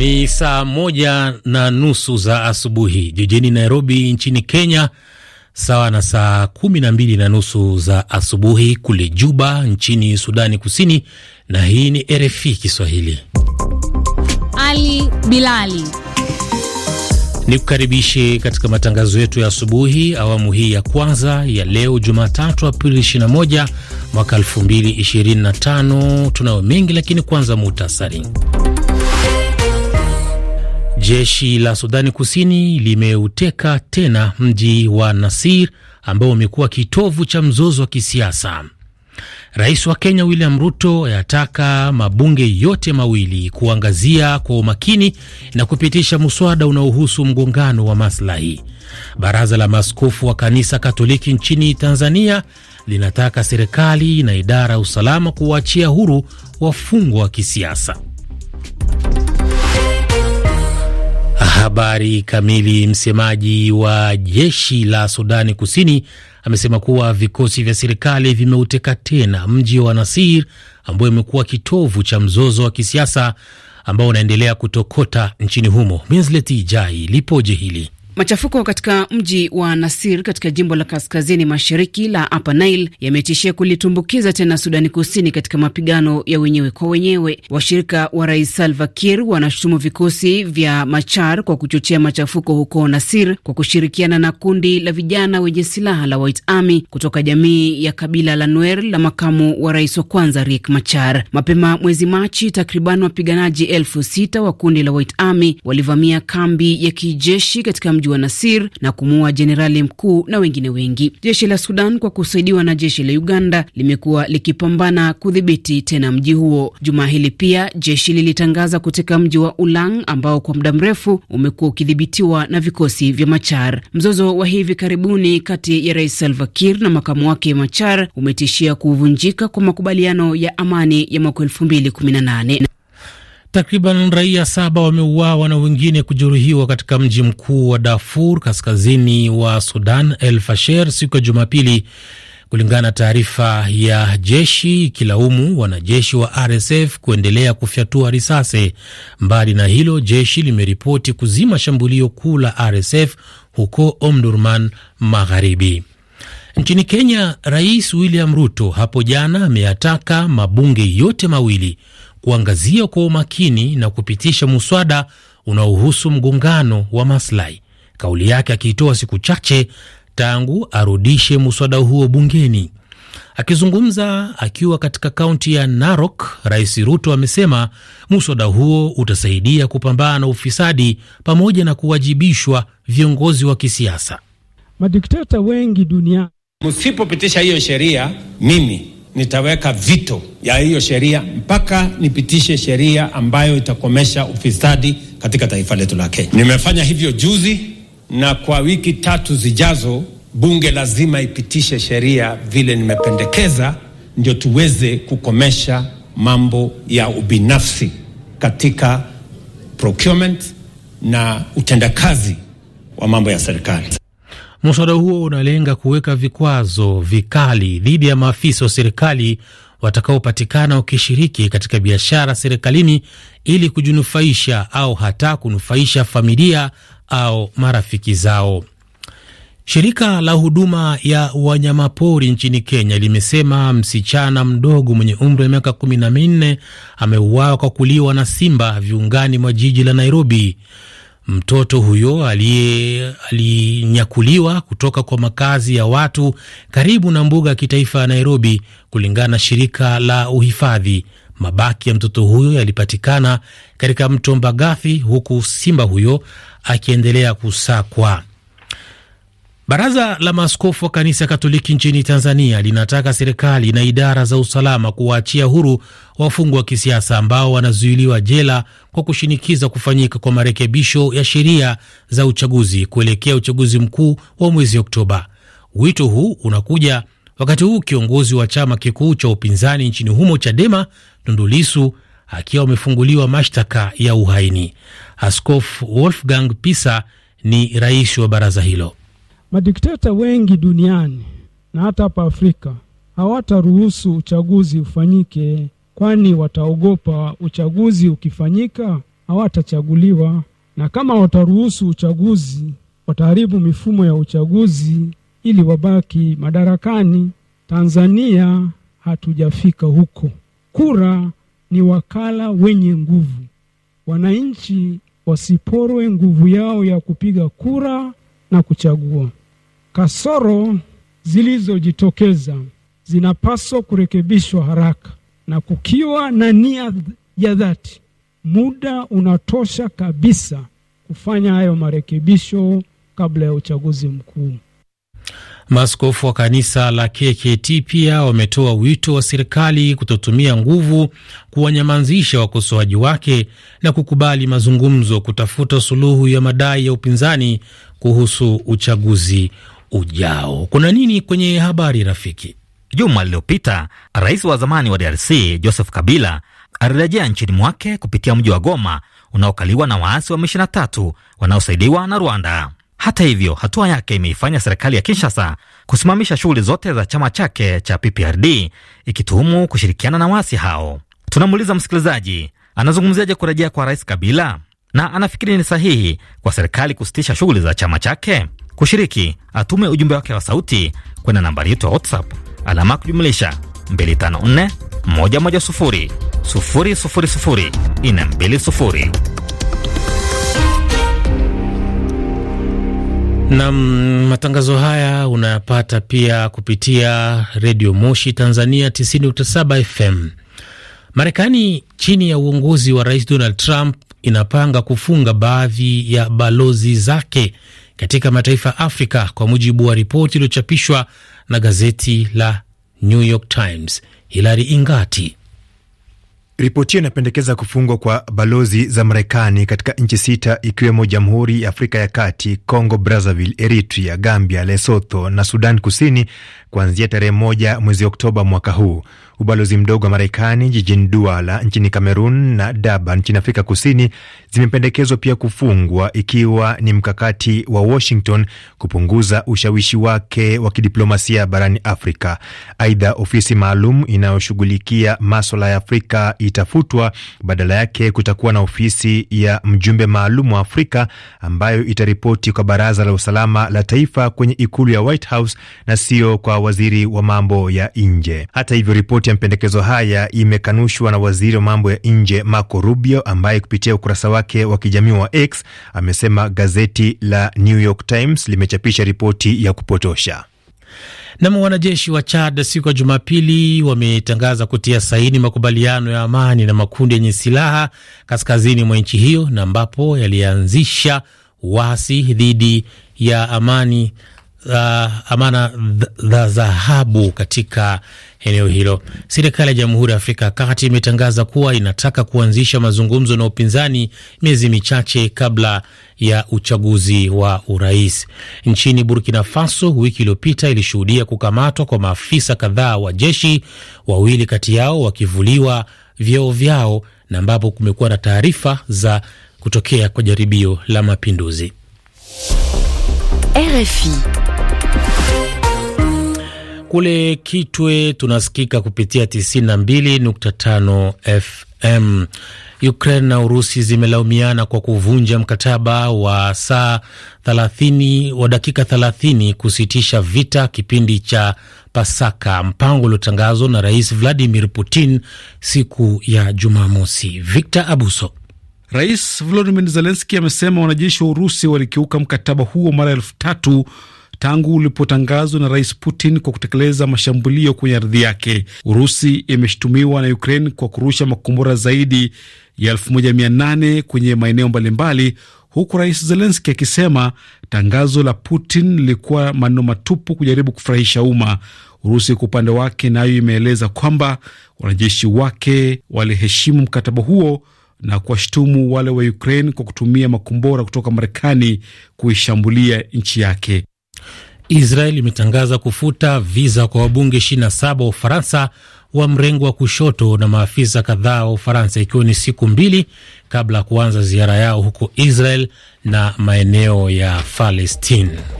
Ni saa moja na nusu za asubuhi jijini Nairobi nchini Kenya, sawa na saa kumi na mbili na nusu za asubuhi kule Juba nchini Sudani Kusini. Na hii ni RFI Kiswahili. Ali Bilali ni kukaribishe katika matangazo yetu ya asubuhi, awamu hii ya kwanza ya leo Jumatatu Aprili 21 mwaka 2025. Tunayo mengi, lakini kwanza muhtasari Jeshi la Sudani Kusini limeuteka tena mji wa Nasir ambao umekuwa kitovu cha mzozo wa kisiasa. Rais wa Kenya William Ruto yataka mabunge yote mawili kuangazia kwa umakini na kupitisha mswada unaohusu mgongano wa maslahi. Baraza la maaskofu wa kanisa Katoliki nchini Tanzania linataka serikali na idara ya usalama kuwaachia huru wafungwa wa kisiasa. Habari kamili. Msemaji wa jeshi la Sudani Kusini amesema kuwa vikosi vya serikali vimeuteka tena mji wa Nasir ambayo imekuwa kitovu cha mzozo wa kisiasa ambao unaendelea kutokota nchini humo. Minsleti Jai lipoje hili Machafuko katika mji wa Nasir katika jimbo la kaskazini mashariki la Upper Nile yametishia kulitumbukiza tena Sudani Kusini katika mapigano ya wenyewe kwa wenyewe. Washirika wa rais Salva Kiir wanashutumu vikosi vya Machar kwa kuchochea machafuko huko Nasir kwa kushirikiana na kundi la vijana wenye silaha la White Army kutoka jamii ya kabila la Nuer la makamu wa rais wa kwanza Riek Machar. Mapema mwezi Machi, takriban wapiganaji elfu sita wa kundi la White Army walivamia kambi ya kijeshi katika mji wa Nasir na kumuua jenerali mkuu na wengine wengi. Jeshi la Sudan kwa kusaidiwa na jeshi la Uganda limekuwa likipambana kudhibiti tena mji huo. Jumaa hili pia jeshi lilitangaza kuteka mji wa Ulang ambao kwa muda mrefu umekuwa ukidhibitiwa na vikosi vya Machar. Mzozo wa hivi karibuni kati ya Rais Salva Kiir na makamu wake Machar umetishia kuvunjika kwa makubaliano ya amani ya mwaka 2018. Takriban raia saba wameuawa na wengine kujeruhiwa katika mji mkuu wa Darfur kaskazini wa Sudan, El Fasher, siku ya Jumapili, kulingana na taarifa ya jeshi ikilaumu wanajeshi wa RSF kuendelea kufyatua risasi. Mbali na hilo, jeshi limeripoti kuzima shambulio kuu la RSF huko Omdurman Magharibi. Nchini Kenya, Rais William Ruto hapo jana ameyataka mabunge yote mawili kuangazia kwa umakini na kupitisha muswada unaohusu mgongano wa maslahi. Kauli yake akiitoa siku chache tangu arudishe muswada huo bungeni. Akizungumza akiwa katika kaunti ya Narok, Rais Ruto amesema muswada huo utasaidia kupambana na ufisadi pamoja na kuwajibishwa viongozi wa kisiasa. Madikteta wengi duniani, msipopitisha hiyo sheria, mimi nitaweka vito ya hiyo sheria mpaka nipitishe sheria ambayo itakomesha ufisadi katika taifa letu la Kenya. Nimefanya hivyo juzi, na kwa wiki tatu zijazo bunge lazima ipitishe sheria vile nimependekeza, ndio tuweze kukomesha mambo ya ubinafsi katika procurement na utendakazi wa mambo ya serikali. Mswada huo unalenga kuweka vikwazo vikali dhidi ya maafisa wa serikali watakaopatikana wakishiriki katika biashara serikalini ili kujinufaisha au hata kunufaisha familia au marafiki zao. Shirika la huduma ya wanyamapori nchini Kenya limesema msichana mdogo mwenye umri wa miaka kumi na minne ameuawa kwa kuliwa na simba viungani mwa jiji la Nairobi. Mtoto huyo alinyakuliwa kutoka kwa makazi ya watu karibu na mbuga ya kitaifa ya Nairobi, kulingana na shirika la uhifadhi. Mabaki ya mtoto huyo yalipatikana katika mto Mbagathi, huku simba huyo akiendelea kusakwa. Baraza la maaskofu wa kanisa Katoliki nchini Tanzania linataka serikali na idara za usalama kuwaachia huru wafungwa wa kisiasa ambao wanazuiliwa jela kwa kushinikiza kufanyika kwa marekebisho ya sheria za uchaguzi kuelekea uchaguzi mkuu wa mwezi Oktoba. Wito huu unakuja wakati huu kiongozi wa chama kikuu cha upinzani nchini humo Chadema, tundulisu akiwa amefunguliwa mashtaka ya uhaini. Askofu Wolfgang Pisa ni rais wa baraza hilo. Madikteta wengi duniani na hata hapa Afrika hawataruhusu uchaguzi ufanyike, kwani wataogopa uchaguzi ukifanyika hawatachaguliwa, na kama wataruhusu uchaguzi wataharibu mifumo ya uchaguzi ili wabaki madarakani. Tanzania hatujafika huko. Kura ni wakala wenye nguvu. Wananchi wasiporwe nguvu yao ya kupiga kura na kuchagua. Kasoro zilizojitokeza zinapaswa kurekebishwa haraka na kukiwa na nia ya dhati, muda unatosha kabisa kufanya hayo marekebisho kabla ya uchaguzi mkuu. maskofu wa kanisa la KKT pia wametoa wito wa serikali kutotumia nguvu kuwanyamazisha wakosoaji wake na kukubali mazungumzo kutafuta suluhu ya madai ya upinzani kuhusu uchaguzi ujao. Kuna nini kwenye habari rafiki? Juma lililopita rais wa zamani wa DRC Joseph Kabila alirejea nchini mwake kupitia mji wa Goma unaokaliwa na waasi wa M23 wanaosaidiwa na Rwanda. Hata hivyo, hatua yake imeifanya serikali ya Kinshasa kusimamisha shughuli zote za chama chake cha PPRD ikituhumu kushirikiana na waasi hao. Tunamuuliza msikilizaji anazungumziaje kurejea kwa rais Kabila na anafikiri ni sahihi kwa serikali kusitisha shughuli za chama chake? Kushiriki atume ujumbe wake wa sauti kwenda nambari yetu ya WhatsApp alama kujumlisha 254 110 000 matangazo haya unayapata pia kupitia redio Moshi Tanzania 90.7 FM. Marekani chini ya uongozi wa Rais Donald Trump inapanga kufunga baadhi ya balozi zake katika mataifa ya Afrika, kwa mujibu wa ripoti iliyochapishwa na gazeti la New York Times. Hilari Ingati Ripoti hiyo inapendekeza kufungwa kwa balozi za Marekani katika nchi sita ikiwemo Jamhuri ya Afrika ya Kati, Congo Brazzaville, Eritrea, Gambia, Lesotho na Sudan Kusini kuanzia tarehe moja mwezi Oktoba mwaka huu. Ubalozi mdogo wa Marekani jijini Duala nchini Kamerun na Durban nchini Afrika Kusini zimependekezwa pia kufungwa, ikiwa ni mkakati wa Washington kupunguza ushawishi wake wa kidiplomasia barani Afrika. Aidha, ofisi maalum inayoshughulikia maswala ya Afrika itafutwa. Badala yake kutakuwa na ofisi ya mjumbe maalum wa Afrika ambayo itaripoti kwa baraza la usalama la taifa kwenye ikulu ya White House na sio kwa waziri wa mambo ya nje. Hata hivyo, ripoti ya mapendekezo haya imekanushwa na waziri wa mambo ya nje Marco Rubio ambaye kupitia ukurasa wake wa kijamii wa X amesema gazeti la New York Times limechapisha ripoti ya kupotosha. Nam, wanajeshi wa Chad siku ya Jumapili wametangaza kutia saini makubaliano ya amani na makundi yenye silaha kaskazini mwa nchi hiyo na ambapo yalianzisha uasi dhidi ya amani uh, amana za dhahabu katika eneo hilo. Serikali ya Jamhuri ya Afrika ya Kati imetangaza kuwa inataka kuanzisha mazungumzo na upinzani miezi michache kabla ya uchaguzi wa urais. Nchini Burkina Faso, wiki iliyopita ilishuhudia kukamatwa kwa maafisa kadhaa wa jeshi, wawili kati yao wakivuliwa vyeo vyao, na ambapo kumekuwa na taarifa za kutokea kwa jaribio la mapinduzi. RFI kule Kitwe tunasikika kupitia 92.5 FM. Ukraine na Urusi zimelaumiana kwa kuvunja mkataba wa saa 30 wa dakika 30 kusitisha vita kipindi cha Pasaka, mpango uliotangazwa na Rais Vladimir Putin siku ya Jumamosi. Victor Abuso. Rais Volodymyr Zelensky amesema wanajeshi wa Urusi walikiuka mkataba huo mara elfu tatu tangu ulipotangazwa na Rais Putin kwa kutekeleza mashambulio kwenye ardhi yake. Urusi imeshutumiwa na Ukraine kwa kurusha makombora zaidi ya 1800 kwenye maeneo mbalimbali, huku Rais Zelenski akisema tangazo la Putin lilikuwa maneno matupu kujaribu kufurahisha umma. Urusi kwa upande wake nayo imeeleza kwamba wanajeshi wake waliheshimu mkataba huo na kuwashutumu wale wa Ukraine kwa kutumia makombora kutoka Marekani kuishambulia nchi yake. Israel imetangaza kufuta viza kwa wabunge 27 wa Ufaransa wa mrengo wa kushoto na maafisa kadhaa wa Ufaransa, ikiwa ni siku mbili kabla ya kuanza ziara yao huko Israel na maeneo ya Palestine.